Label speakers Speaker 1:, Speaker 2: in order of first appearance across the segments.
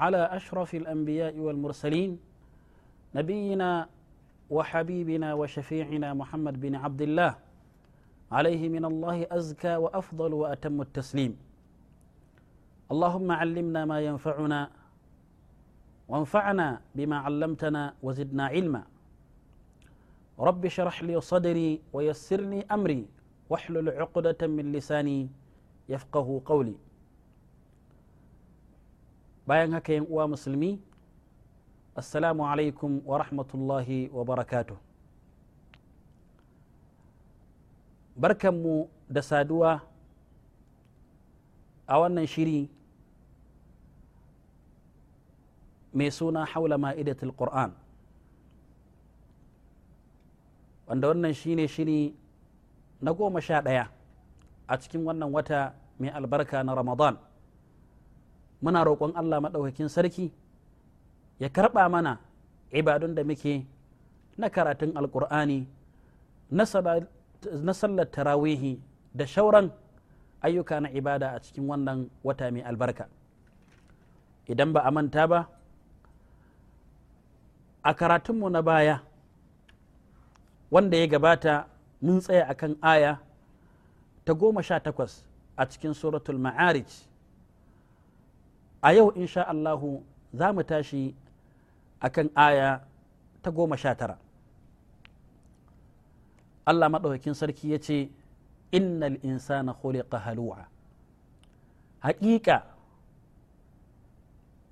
Speaker 1: على أشرف الأنبياء والمرسلين نبينا وحبيبنا وشفيعنا محمد بن عبد الله عليه من الله أزكى وأفضل وأتم التسليم اللهم علمنا ما ينفعنا وانفعنا بما علمتنا وزدنا علما رب شرح لي صدري ويسر لي أمري واحلل عقدة من لساني يفقه قولي bayan haka yan uwa musulmi assalamu alaikum wa rahmatullahi wa barakatu barkanmu da saduwa a wannan shiri mai suna haula ma'idatul qur'an wanda wannan shine shiri na goma sha ɗaya a cikin wannan wata mai albarka na ramadan muna roƙon Allah maɗaukakin sarki ya karɓa mana ibadun da muke na karatun alƙur'ani na sallar tarawihi da shauran ayyuka na ibada a cikin wannan wata mai albarka idan ba a manta ba a karatunmu na baya wanda ya gabata mun tsaya akan aya ta goma sha takwas a cikin suratul ma'arij a yau insha Allahu za mu tashi a kan aya ta goma sha tara Allah maɗaukakin sarki ya ce innal insana khuliqa halu'a haƙiƙa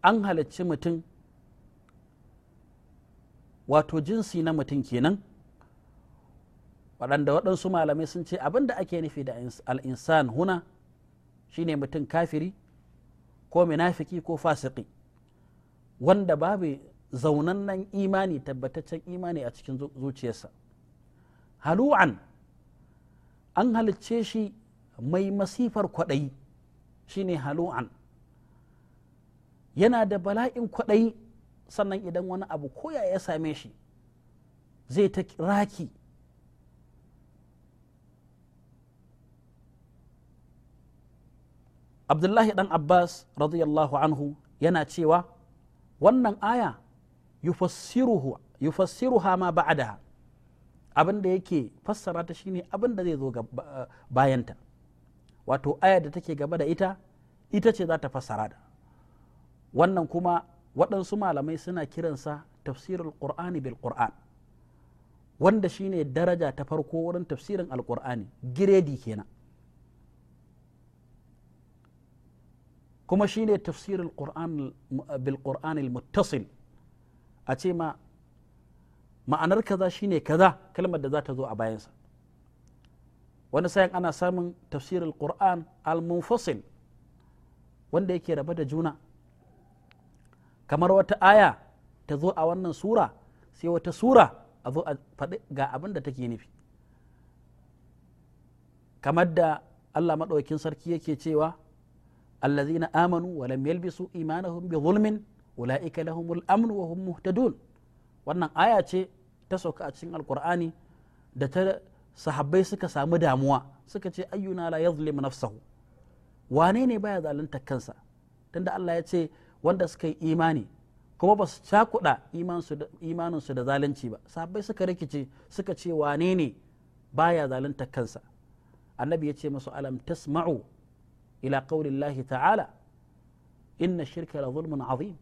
Speaker 1: an halarci mutum wato jinsi na mutum kenan waɗanda waɗansu malamai sun ce abin da ake nufi da al'insan huna shine mutum kafiri ko munafiki ko fasiki wanda babu zaunannen imani tabbataccen imani a cikin zuciyarsa halu'an an halicce shi mai masifar kwaɗayi shine halu'an yana da bala'in kwaɗayi sannan idan wani abu koya ya same shi zai ta raki abdullahi dan abbas radiyallahu anhu yana cewa wannan aya yufassiruhu yufassiruha ma ba'daha abin da yake fassara ta shine abin da zai zo bayanta wato aya da take gaba da ita ita ce za ta fassara da wannan kuma waɗansu malamai suna kiransa tafsirul qur'ani bil qur'an wanda shine daraja ta farko wurin tafsirin alqur'ani giredi kenan kuma shine ne tafsirin bil qur'an al muttasil a ce ma ma'anar kaza shine kaza kalmar da za ta zo a bayansa wani sayan ana samun tafsirin ƙur'an al munfasil wanda yake raba da juna kamar wata aya ta zo a wannan sura sai wata sura a zo a faɗi ga abin da take nufi kamar da allah maɗaukin sarki yake cewa الذين آمنوا ولم يلبسوا إيمانهم بظلم أولئك لهم الأمن وهم مهتدون wannan aya ce ta sauka a cikin alkur'ani da ta sahabbai suka samu damuwa suka ce ayyuna la yazlim nafsahu wane ne baya zalunta kansa tunda Allah ya ce wanda suka yi imani kuma ba su cakuɗa imaninsu da zalunci ba sahabbai suka rikice suka ce wane ne baya zalunta kansa annabi ya ce masu alam tasma'u ila qaulillahi ta'ala inna shirka la zulmun azim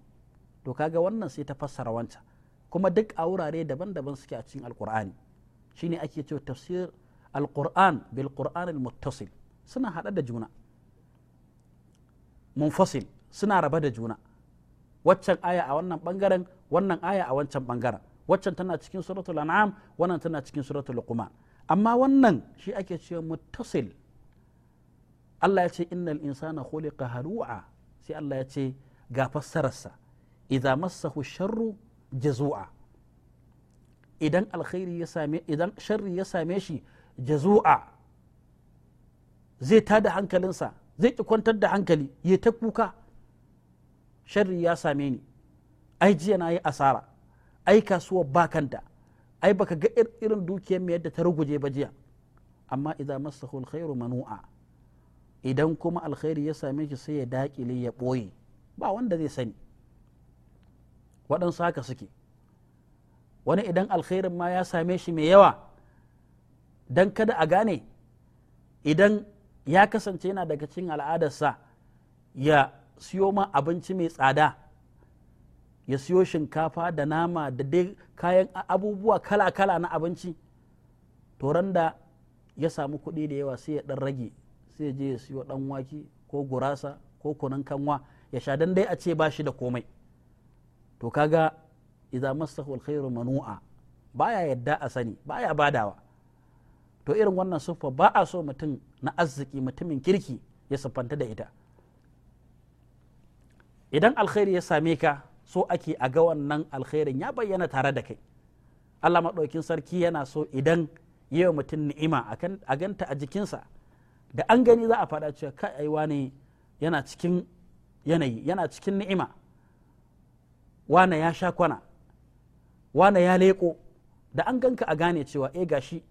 Speaker 1: to kaga wannan sai ta fassara wanta kuma duk a wurare daban-daban suke a cikin alqur'ani shine ake cewa tafsir alqur'an bil qur'an al suna hada da juna munfasil suna raba da juna waccan aya a wannan bangaren wannan aya a wancan bangaren waccan tana cikin suratul an'am wannan tana cikin suratul luqman amma wannan shi ake cewa muttasil Allah ya ce innal insana khuliqa halu'a sai Allah ya ce ga fassararsa idza massahu sharru jazu'a idan alkhairi ya same idan sharri ya same shi jazu'a zai tada hankalinsa zai ki kwantar da hankali ya ta kuka sharri ya same ni ai jiya na yi asara ai kasuwar bakanta ai baka ga irin dukiyar mai yadda ta ruguje ba jiya amma idza massahu alkhairu manu'a idan kuma alkhairi ya same shi sai ya dakile ya ɓoye ba wanda zai sani waɗansu haka suke wani idan alkhairin ma ya same shi mai yawa don kada a gane idan ya kasance yana daga cikin al'adarsa ya siyo ma abinci mai tsada ya siyo shinkafa da nama da dai kayan abubuwa kala-kala na abinci to da ya samu kuɗi da yawa sai ya ɗan rage sai je ya siyo dan wake ko gurasa ko kunun kanwa ya sha dan dai a ce bashi da komai to kaga idza massahu alkhairu manu'a baya yadda a sani baya badawa to irin wannan siffa ba a so mutum na arziki mutumin kirki ya siffanta da ita idan alkhairi ya same ka so ake a ga wannan alkhairin ya bayyana tare da kai Allah maɗaukin sarki yana so idan yi wa mutum ni'ima a ganta a jikinsa da an gani za a faɗa cewa kai ai wane yana cikin yanayi yana cikin ni'ima wane ya sha kwana wane ya leƙo da an ganka a gane cewa eh gashi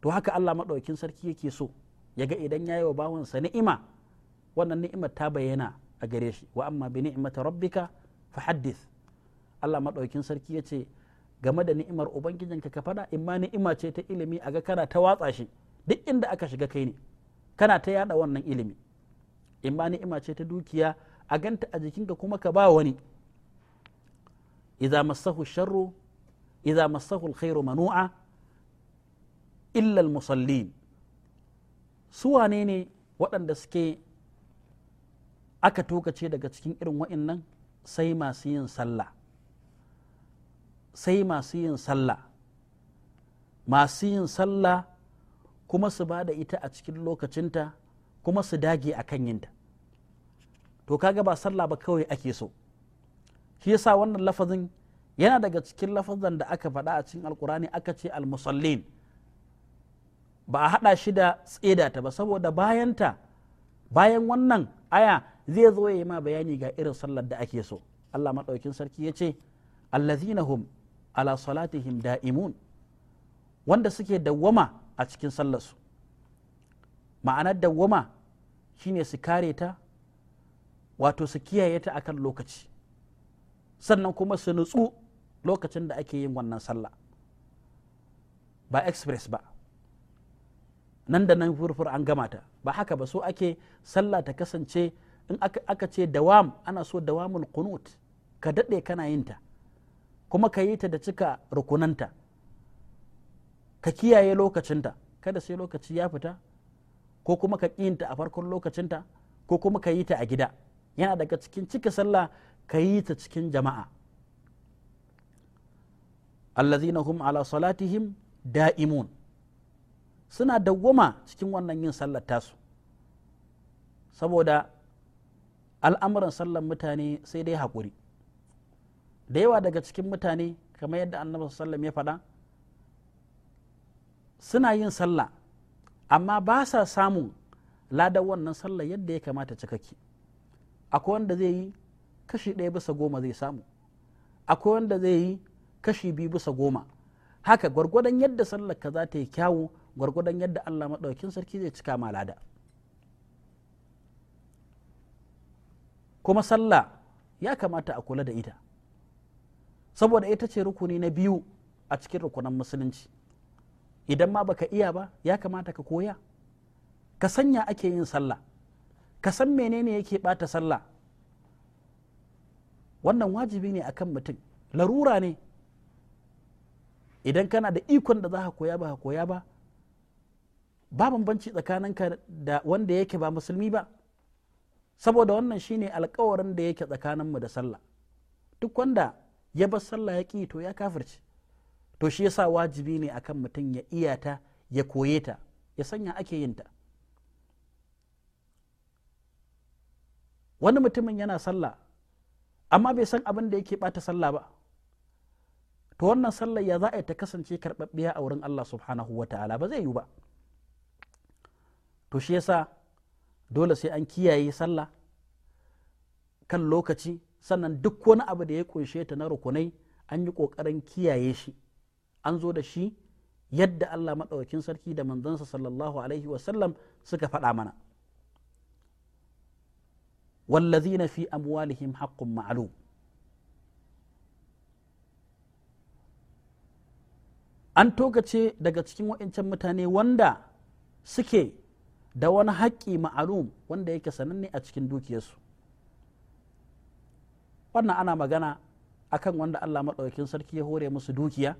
Speaker 1: to haka Allah maɗaukin sarki yake so ya ga idan ya yi wa bawansa ni'ima wannan ni'imar ta bayyana a gare shi wa amma bi ni'imata rabbika fa haddith Allah maɗaukin sarki yace game da ni'imar ubangijinka ka faɗa imma ni'ima ce ta ilimi a ga kana ta watsa shi duk inda aka shiga kai ne kana ta yada wannan ilimi in ba ni'ima ce ta dukiya a ganta a jikinka kuma ka ba wani Iza masahu sharru iza masahu alkhairu manu'a illa almusallin su wane ne waɗanda suke aka tokace daga cikin irin wa'innan sai masu yin sallah sai masu yin sallah masu yin sallah kuma su ba da ita a cikin lokacinta kuma su dage a kan yinta to kaga ba sallah ba kawai ake so shi yasa wannan lafazin yana daga cikin lafazan da aka faɗa a cikin alkurani aka ce almusallin ba a haɗa shi da tseda ta ba saboda bayanta bayan wannan aya zai zo ya yi ma bayani ga irin sallar da ake so Allah maɗaukin sarki ya ce allazinahum ala salatihim da'imun wanda suke dawwama a cikin sallarsu ma'anar dawwama shine su kare ta wato su kiyaye ta akan lokaci sannan kuma su nutsu lokacin da ake yin wannan sallah ba express ba nan da nan furfur an gama ta ba haka ba so ake sallah ta kasance in aka ce dawam ana so dawamul kunut. ka daɗe kana yin ta kuma ka yi ta da cika rukunanta ka kiyaye lokacinta kada sai lokaci ya fita ko kuma ka kinta a farkon lokacinta ko kuma ka yi ta a gida yana daga cikin cika sallah ka yi ta cikin jama'a allazina hum ala salatihim da'imun suna dawwama cikin wannan yin sallar tasu saboda al'amuran sallar mutane sai dai haƙuri da yawa daga cikin mutane kamar yadda annabi sallam ya faɗa suna yin sallah amma ba sa samun ladan wannan sallah yadda ya kamata cikakke akwai wanda zai yi kashi ɗaya bisa goma zai samu akwai wanda zai yi kashi biyu bisa goma haka gwargwadon yadda sallar ka za ta yi kyawu gwargwadon yadda allah maɗaukin sarki zai cika ma lada kuma sallah ya kamata a kula da ita saboda ita ce rukuni na biyu a cikin rukunan musulunci idan ma baka iya ba ya kamata ka koya ka sanya ake yin sallah ka san menene yake bata sallah wannan wajibi ne akan mutum larura ne idan kana da ikon da za ka koya ba ka koya ba ba bambanci tsakaninka da wanda yake ba musulmi ba saboda wannan shine alkawarin da yake tsakaninmu da sallah duk wanda ya bar sallah ya ƙi to ya kafirce to shi yasa wajibi ne akan mutum ya iyata ya koye ta ya sanya ake yin ta wani mutumin yana sallah amma bai san abin da yake bata sallah ba to wannan sallah ya za a ta kasance karɓaɓɓiya a wurin Allah subhanahu wa ta'ala ba zai yi ba to shi yasa dole sai an kiyaye sallah kan lokaci sannan duk wani abu da ya kunshe ta na rukunai an yi ƙoƙarin kiyaye shi an zo da shi yadda Allah maɗaukakin sarki da manzansa sallallahu alaihi wasallam suka faɗa mana wallazina fi amwalihim haqqun ma'lum an tokace daga cikin waɗancan mutane wanda suke da wani haƙƙi ma'alum wanda yake sananne a cikin dukiyarsu wannan ana magana akan wanda Allah maɗaukakin sarki ya hore musu dukiya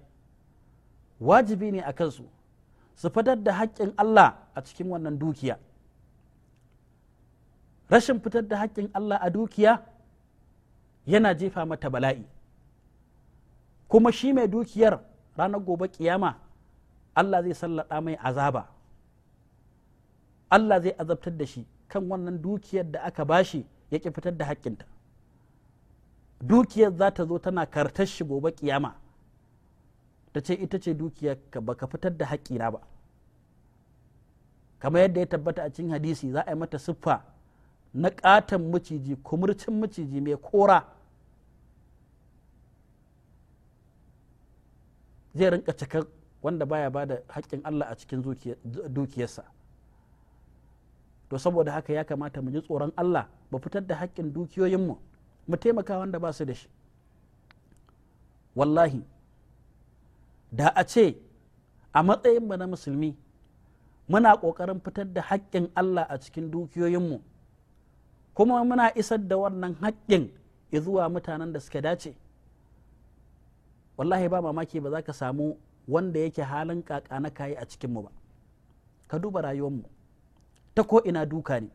Speaker 1: wajibi ne a kansu su fitar da haƙƙin Allah a cikin wannan dukiya rashin fitar da haƙƙin Allah a dukiya yana jefa mata bala'i kuma shi mai dukiyar ranar gobe ƙiyama Allah zai sallaɗa mai azaba Allah zai azabtar da shi kan wannan dukiyar da aka bashi ya ƙi fitar da haƙƙinta dukiyar za ta zo tana kartar shi gobe ƙiyama. ta ce ita ce dukiyarka ba ka fitar da haƙƙina ba kamar yadda ya tabbata a cikin hadisi za a yi mata siffa na ƙaton maciji kumurcin maciji mai kora zai rinka cika wanda baya ba da haƙƙin Allah a cikin dukiyarsa to saboda haka ya kamata mu ji tsoron Allah ba fitar da haƙƙin dukiyoyinmu mu taimaka wanda ba su da shi wallahi da a ce a matsayin matsayinmu na musulmi muna ƙoƙarin fitar da haƙƙin Allah a cikin dukiyoyinmu kuma muna isar da wannan haƙƙin zuwa mutanen da suka dace wallahi ba mamaki ba za ka samu wanda yake halin kaka na kayi a cikinmu ba ka duba rayuwarmu ta ko ina duka ne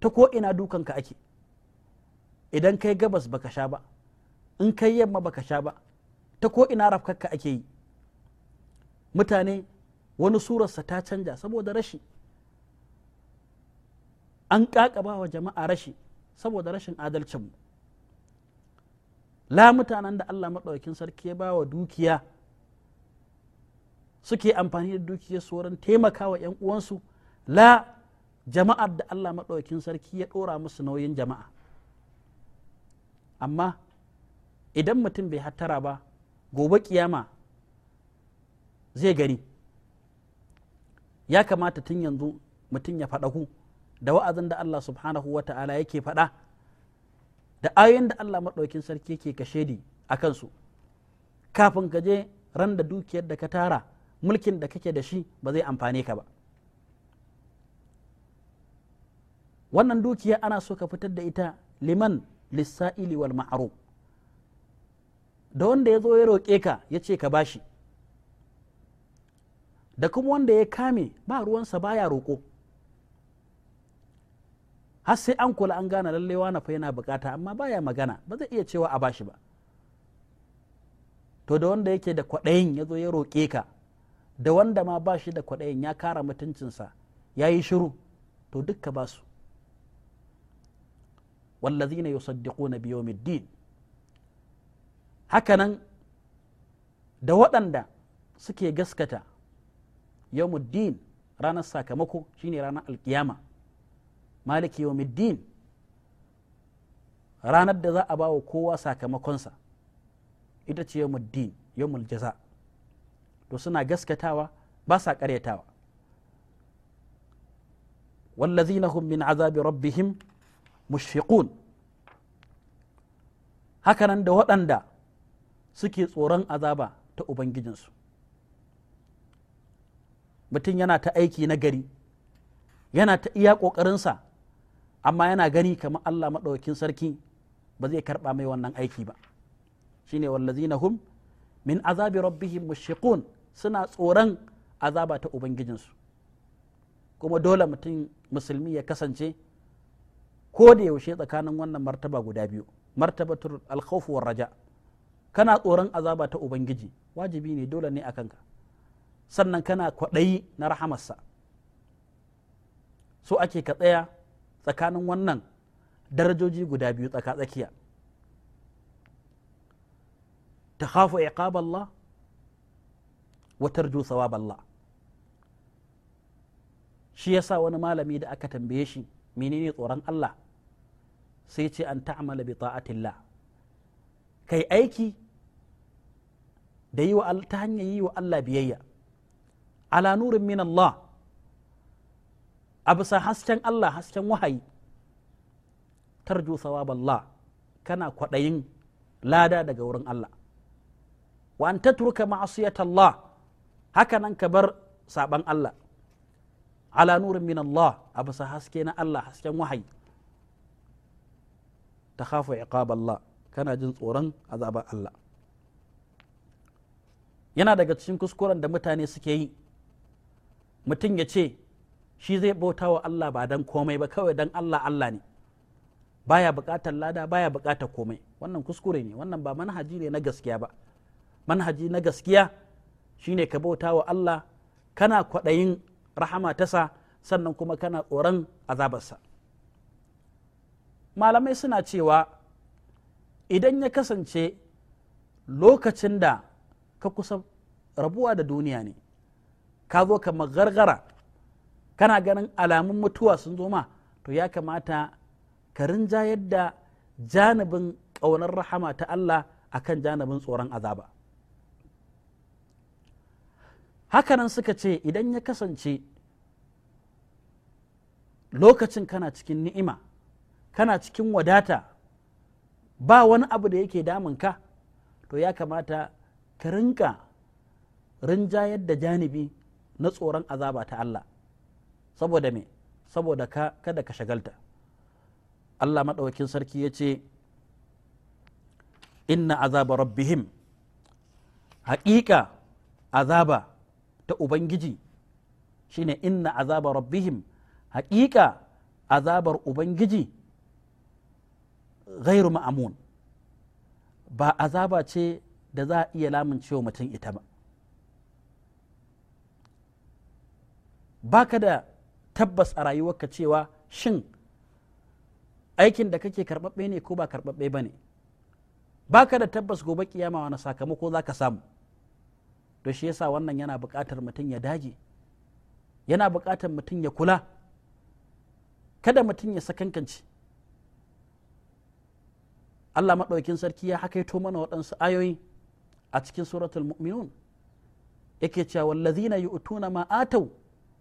Speaker 1: ta ko ina dukanka ake idan kai gabas baka sha ba in kai yamma baka sha ba ta ko ina rafkarka ake yi mutane wani surarsa ta canja saboda rashi an kakaba wa jama'a rashi saboda rashin adalcinmu la mutanen da allah maɗaukin sarki ya ba wa dukiya suke amfani da dukiya su wurin taimaka wa 'yan uwansu la jama'ar da allah maɗaukin sarki ya ɗora musu nauyin jama'a amma idan mutum bai hattara ba gobe kiyama zai gani ya kamata tun yanzu mutum ya faɗaku da wa'azin da Allah subhanahu wa ta'ala yake faɗa da ayoyin da Allah maɗaukin sarki yake kashedi a kansu kafin ka je ran da dukiyar da ka tara mulkin da kake da shi ba zai amfane ka ba wannan dukiya ana so ka fitar da ita liman lissa'ili wal ma'ruf da wanda ya zo ya roƙe ka ya ce ka bashi da kuma wanda ya kame ba ruwansa baya roƙo har sai an kula an gane wa na fa yana bukata amma baya magana ba zai iya cewa a bashi ba to da wanda yake da kwaɗayin ya zo ya roƙe ka da wanda ma ba shi da kwaɗayin ya kara mutuncinsa ya yi shiru to dukka ba su wallazina yusaddiquna biyawmiddin hakanan da waɗanda suke gaskata yawmuddin ranar sakamako shine ranar alkiyama maliki yawmuddin ranar da za a ba wa kowa sakamakonsa ita ce yawmuddin yawmul jaza to suna gaskatawa ba sa ƙaryatawa wallazina hum min azabi rabbihim mushfiqun hakanan da waɗanda suke tsoron azaba ta ubangijinsu mutum yana ta aiki na gari yana ta iya ƙoƙarinsa amma yana gani kamar allah maɗaukin sarki ba zai karɓa mai wannan aiki ba shine wallazina hum min azabi rabbihim mushfiqun suna tsoron azaba ta ubangijinsu kuma dole mutum musulmi ya kasance ko da yaushe tsakanin wannan martaba guda biyu martabatul alkhawf raja' kana tsoron azaba ta ubangiji wajibi ne dole ne a kanka sannan kana kwaɗayi na rahamarsa so ake ka tsaya tsakanin wannan darajoji guda biyu tsaka tsakiya ta hafa iqab Allah wa tarju sawab Allah shi yasa wani malami da aka tambaye shi menene tsoron Allah sai ce an ta'amala bi ta'atillah kai aiki da yi wa ta hanyar yi wa Allah biyayya ala nurin min Allah a bisa hasken Allah hasken wahayi tarju Allah kana kwaɗayin lada daga wurin Allah wa an tatruka ma'asiyatallah haka nan ka bar saban Allah ala nurin min Allah a bisa haske na Allah hasken wahayi ta khafu iqab Allah kana jin tsoron azaban Allah yana daga cikin kuskuren da mutane suke yi mutum ya ce shi zai bauta wa Allah ba don komai ba kawai don Allah Allah ne baya buƙatar lada baya bukatar komai wannan kuskure ne wannan ba manhaji ne na gaskiya ba manhaji na gaskiya shine ka bauta wa Allah kana kwaɗayin rahama tasa sannan kuma kana tsoron azabarsa malamai suna cewa idan ya kasance lokacin da ka kusa rabuwa da duniya ne ka zo ka gargara kana ganin alamun mutuwa sun zo ma to ya kamata ka rinja da janibin ƙaunar rahama ta Allah a kan janibin tsoron azaba hakanan suka ce idan ya kasance lokacin kana cikin ni'ima kana cikin wadata ba wani abu da yake damunka to ya kamata ka rinka rinjayar da janibi na tsoron azaba ta Allah saboda me saboda ka kada ka shagalta Allah maɗaukin sarki ya ce inna azaba rabbihim haƙiƙa azaba ta ubangiji shine inna azaba rabbihim haƙiƙa azabar ubangiji ghairu ma'amun ba azaba ce da za a iya lamun cewa mutum ita ba baka da tabbas a rayuwarka cewa shin aikin da kake karɓaɓɓe ne ko ba karɓaɓɓe ba ne baka da tabbas gobe kiyama wani sakamako za ka samu to shi yasa wannan yana buƙatar mutum ya dage yana buƙatar mutum ya kula kada mutum ya sakankanci Allah maɗaukin sarki ya hakaito mana waɗansu ayoyi a cikin suratul mu'minun yake cewa wallazina yu'tuna ma atau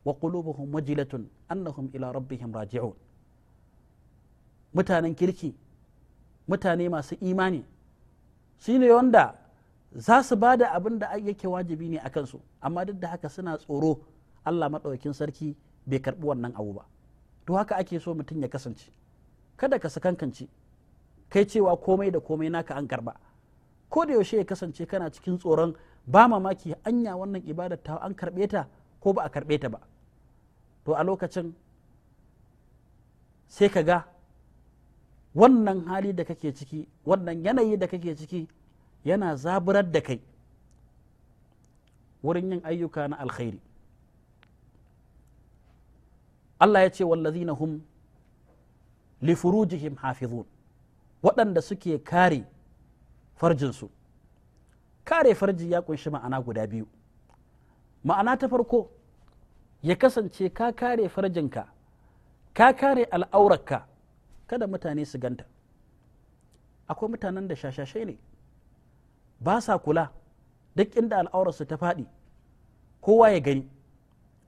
Speaker 1: wa qulubuhum wajilatun annahum ila rabbihim raji'un mutanen kirki mutane masu imani shine wanda za su ba da abin da yake wajibi ne a kansu amma duk da haka suna tsoro Allah maɗaukin sarki bai karɓi wannan abu ba to haka ake so mutum ya kasance kada ka sakankance kai cewa komai da komai naka an karɓa ko da yaushe ya kasance kana cikin tsoron ba mamaki anya wannan ibadar ta an karɓe ta ko ba a karɓe ta ba to a lokacin sai ka ga wannan hali da kake ciki wannan yanayi da kake ciki yana zaburar da kai wurin yin ayyuka na alkhairi Allah ya ce wallazina hum li furujihim hafizun waɗanda suke kare farjinsu kare farji ya kunshi ma'ana guda biyu ma'ana ta farko ya kasance ka kare farjinka ka kare al'aurarka kada mutane su ganta akwai mutanen da shashashe ne ba sa kula duk inda al'aurarsu ta faɗi kowa ya gani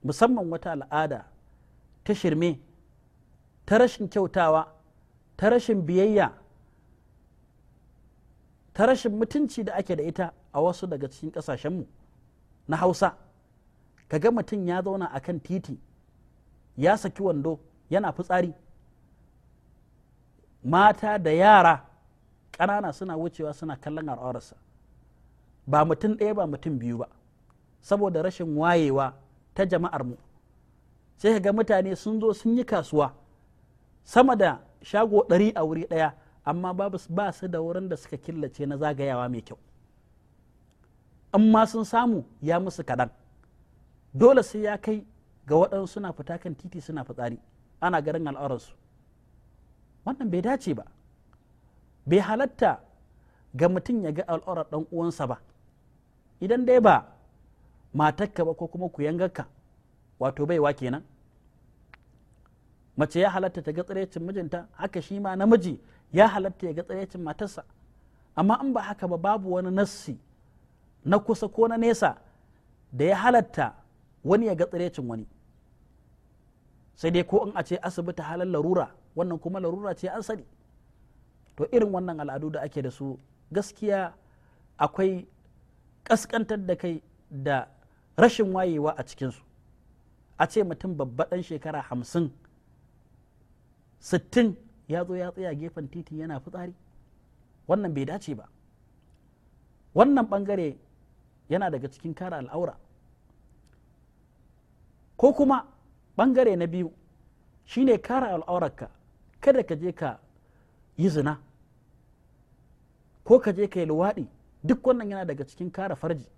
Speaker 1: musamman wata al'ada ta shirme ta rashin kyautawa ta rashin biyayya ta rashin mutunci da ake da ita a wasu daga cikin ƙasashenmu na hausa kaga mutum ya zauna a kan titi ya saki wando yana fitsari mata da yara ƙanana suna wucewa suna kallon al'aurarsa ba mutum ɗaya ba mutum biyu ba saboda rashin wayewa ta jama'ar mu sai ka ga mutane sun zo sun yi kasuwa sama da shago ɗari a wuri ɗaya amma babu ba su da wurin da suka killace na zagayawa mai kyau an ma sun samu ya musu kaɗan dole sai ya kai ga waɗansu suna fita kan titi suna fitsari ana garin al'auransu. wannan bai dace ba bai halatta ga mutum ya ga al'aurar ɗan uwansa ba idan dai ba matakka ba ko kuma ku yangarka wato baiwa kenan mace ya halatta ta ga tsiraicin mijinta haka shi ma namiji ya halatta ya ga tsiraicin matarsa amma in ba haka ba babu wani nassi na kusa ko na nesa da ya halatta wani ya ga tsiraicin wani sai dai ko in a ce asibiti halar larura wannan kuma larura ce an sani to irin wannan al'adu da ake da su gaskiya akwai ƙasƙantar da kai da rashin wayewa a cikinsu a ce mutum babba ɗan shekara hamsin sittin ya zo ya tsaya gefen titi yana fitsari wannan bai dace ba wannan bangare yana daga cikin kare al'aura ko kuma bangare na biyu shine kare al'aurarka kada ka je ka yi zina ko ka je ka yi luwaɗi duk wannan yana daga cikin kara farji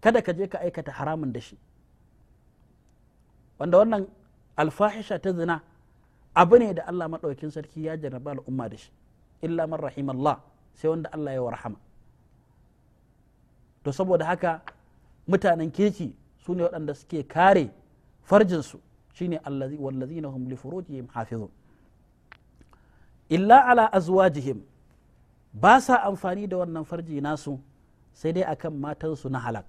Speaker 1: kada ka je ka aikata haramun da shi wanda wannan alfahisha ta zina abu ne da Allah maɗaukin sarki ya jarraba al'umma da shi illa man Allah sai wanda Allah ya warhama to saboda haka mutanen kirki su ne waɗanda suke kare farjinsu shine wallazi na hum li hafizu illa ala azwajihim ba sa amfani da wannan farji nasu sai dai akan matansu na halak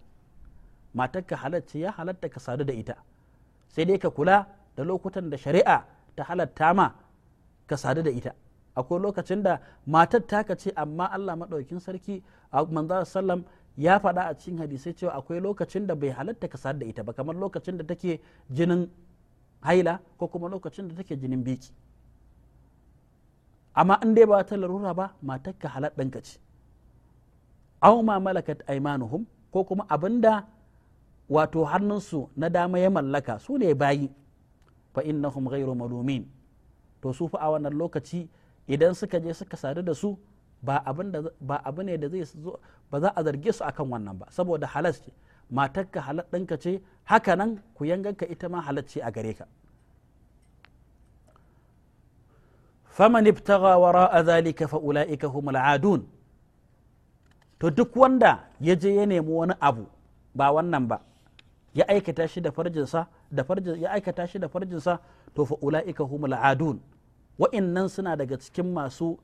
Speaker 1: matar ka halacce ya halatta ka sadu da ita sai dai ka kula da lokutan da shari'a ta halatta ma ka sadu da ita akwai lokacin da matar ta ce amma Allah maɗaukin sarki manzo sallam ya faɗa a cikin hadisai cewa akwai lokacin da bai halatta ka sadu da ita ba kamar lokacin da take jinin haila ko kuma lokacin da take jinin biki amma in dai ba ta larura ba matar ka halat ɗanka ce aw ma malakat aymanuhum ko kuma abinda wato hannunsu na dama ya mallaka su ne bayi fa innahum ghairu malumin to su fa a wannan lokaci idan suka je suka sadu da su ba abu ne da zai ba za a zarge su akan wannan ba saboda halas ce matarka halar ɗinka ce hakanan nan ku yanganka ita ma halal ce a gare ka faman ibtaga wara zalika fa ula'ika humul adun to duk wanda yaje ya nemi wani abu ba wannan ba ya aikata shi da farjinsa da farjin ya aikata shi da farjinsa to fa ulaika humul adun wa'annan suna daga cikin masu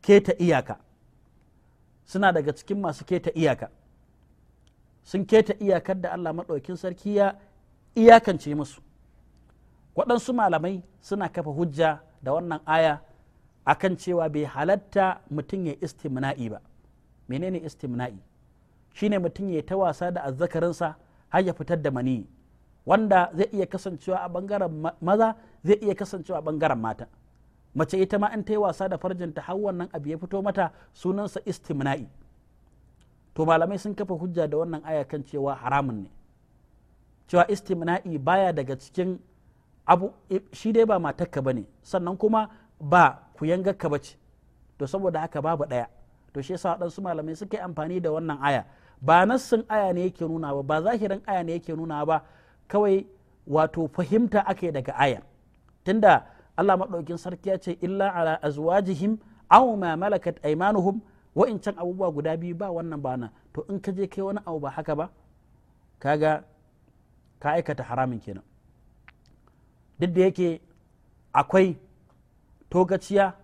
Speaker 1: keta iyaka suna daga cikin masu keta iyaka sun keta iyakar da Allah maɗaukin sarki ya iyakance musu waɗansu malamai suna kafa hujja da wannan aya akan cewa bai halatta mutum ya istimna'i ba menene istimna'i shine mutum ya ta wasa da azzakarinsa har ya fitar da mani wanda zai iya kasancewa a bangaren maza zai iya kasancewa a bangaren mata mace ita ma in ta yi wasa da farjinta har wannan abu ya fito mata sunansa istimna'i to malamai sun kafa hujja da wannan aya kan cewa haramun ne cewa istimna'i baya daga cikin abu shi dai ba matarka bane sannan kuma ba ku yanga ka bace to saboda haka babu daya to shi yasa waɗansu malamai suka yi amfani da wannan aya ba nassin aya ne yake nuna ba ba zahirin aya ne yake nuna ba kawai wato fahimta ake daga aya. tunda Allah maɗaukin sarki ya ce illa ala azwajihim aw ma malakat aymanuhum can abubuwa guda biyu ba wannan bana to in ka je kai wani abu ba haka ba kaga ka aikata haramin kenan duk da yake akwai togaciya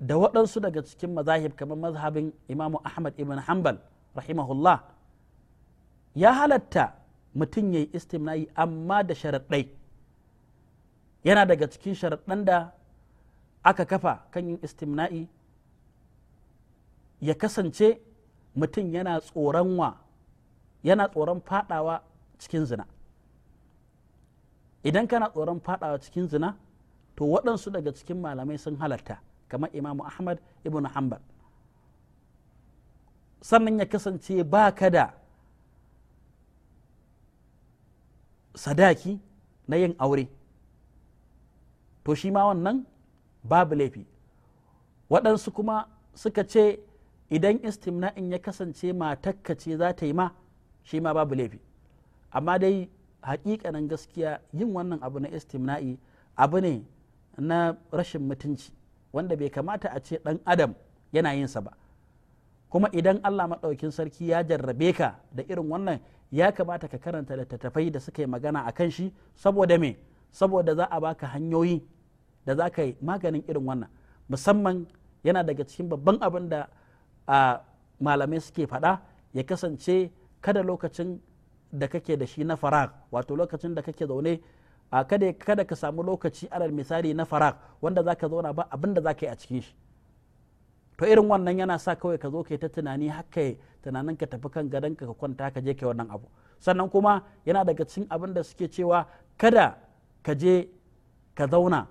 Speaker 1: da waɗansu daga cikin mazahib kamar mazhabin imamu ahmad ibn hanbal rahimahullah ya halatta mutum ya yi istimna'i amma da sharaɗai yana daga cikin sharaɗan da aka kafa kan yin istimna'i ya kasance mutum yana tsoron wa yana tsoron fadawa cikin zina idan kana tsoron fadawa cikin zina to waɗansu daga cikin malamai sun halarta kamar imamu ahmad ibn hanbal sannan ya kasance ba ka da sadaki na yin aure to shi ma wannan babu laifi waɗansu kuma suka ce idan istimna'in ya kasance matakka ce za ta yi ma shi ma babu laifi amma dai hakikanin gaskiya yin wannan abu na istimna'i abu ne na rashin mutunci wanda bai kamata a ce ɗan adam yana yinsa ba kuma idan Allah maɗaukin sarki ya jarrabe ka da irin wannan ya kamata ka karanta littattafai da suka yi magana a kan shi saboda me saboda za a baka hanyoyi da za ka yi maganin irin wannan musamman yana daga cikin babban abin da malamai suke faɗa ya kasance kada lokacin da kake da shi na farag wato lokacin da kake zaune kada ka samu lokaci alal misali na farag wanda za ka zauna ba abin da za ka yi a cikin shi to irin wannan yana sa kawai ka zo kai ta tunani haka tunanin ka tafi kan gadon ka kwanta ka je kai wannan abu sannan kuma yana daga cikin abin da suke cewa kada ka je ka zauna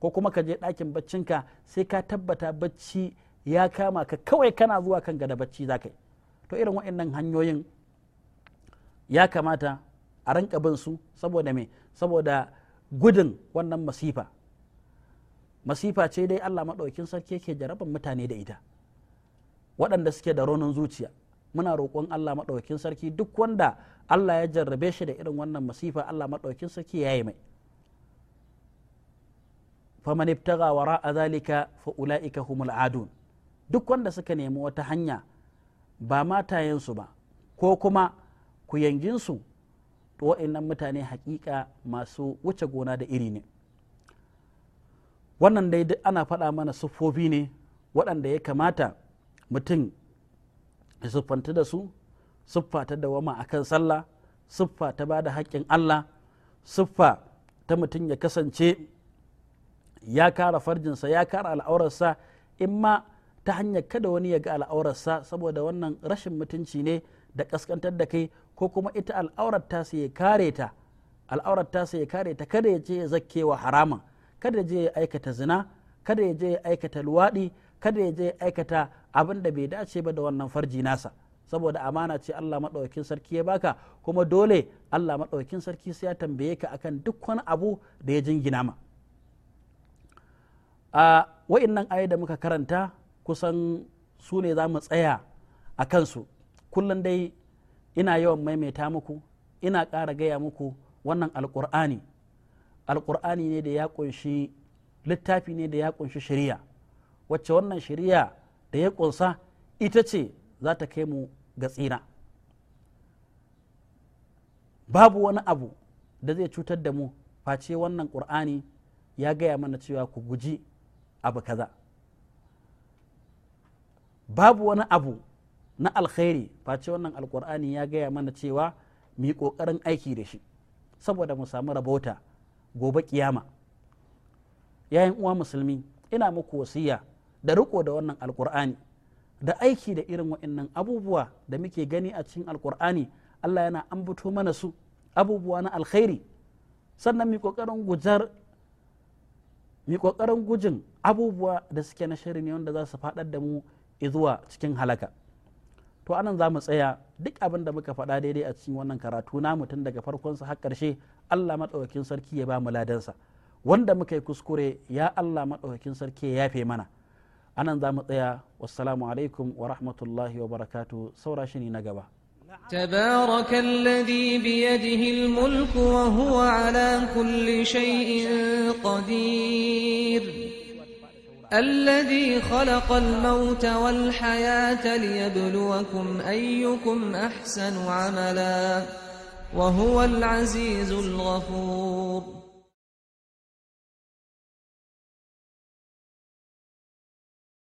Speaker 1: ko kuma ka je ɗakin baccinka sai ka tabbata bacci ya kama ka kawai kana zuwa kan gada bacci za ka yi to irin waɗannan hanyoyin ya kamata a rinka bin su saboda me saboda gudun wannan masifa masifa ce dai Allah maɗaukin sarki yake jaraban mutane da ita waɗanda suke da ronin zuciya muna roƙon Allah maɗaukin sarki duk wanda Allah ya jarrabe shi da irin wannan masifa Allah maɗaukin sarki ya yi mai faman ibtaga wara a zalika fa ula'ika humul adun duk wanda suka nemi wata hanya ba matayensu ba ko kuma ku to wa'annan mutane hakika masu wuce gona da iri ne wannan dai duk ana faɗa mana siffofi ne waɗanda ya kamata mutum ya siffanta da su siffa ta dawama a kan sallah siffa ta ba da haƙƙin allah siffa ta mutum ya kasance ya kara farjinsa ya kara al'aurarsa in ma ta hanyar kada wani ya ga al'aurarsa saboda wannan rashin mutunci ne da ƙasƙantar da kai ko kuma ita al'aurar ta ya kare ta al'aurar ta ya kare ta kada ya ce ya zakewa haraman kada je ya aikata zina kada ya je ya aikata luwaɗi kada ya je ya aikata abin da bai dace ba da wannan farji nasa saboda amana ce Allah maɗaukin sarki ya baka kuma dole Allah maɗaukin sarki sai ya tambaye ka akan duk wani abu da ya jingina ma a wa'innan ayi da muka karanta kusan su ne za mu tsaya a kansu kullum dai ina yawan maimaita muku ina ƙara gaya muku wannan alƙur'ani alkur'ani ne da ya ƙunshi littafi ne da ya ƙunshi shari'a wacce wannan shari'a da ya ƙunsa ita ce za ta kai mu ga tsira babu wani abu da zai cutar da mu face wannan ƙur'ani ya gaya mana cewa ku guji abu kaza babu wani abu na alkhairi face wannan alkur'ani ya gaya mana cewa mu yi ƙoƙarin aiki da shi saboda mu samu rabota gobe kiyama yayin uwa musulmi ina muku wasiya da riko da wannan alkur'ani da aiki da irin wa'annan abubuwa da muke gani a cikin alkur'ani Allah yana an ambato mana su abubuwa na alkhairi sannan mi kokarin gujar mi kokarin gujin abubuwa da suke na shiri ne wanda za su faɗar da mu zuwa cikin halaka to anan za mu tsaya duk abin da muka faɗa daidai a cikin wannan karatu na mutum daga farkonsa har ƙarshe Allah maɗaukakin sarki ya ba mu ladansa wanda muka yi kuskure ya Allah maɗaukakin sarki ya yafe mana anan za mu tsaya wassalamu alaikum wa rahmatullahi wa barakatu saura shi na gaba تبارك الذي بيده الملك وهو على كل شيء قدير الذي خلق الموت والحياة ليبلوكم أيكم أحسن عملاً وهو العزيز الغفور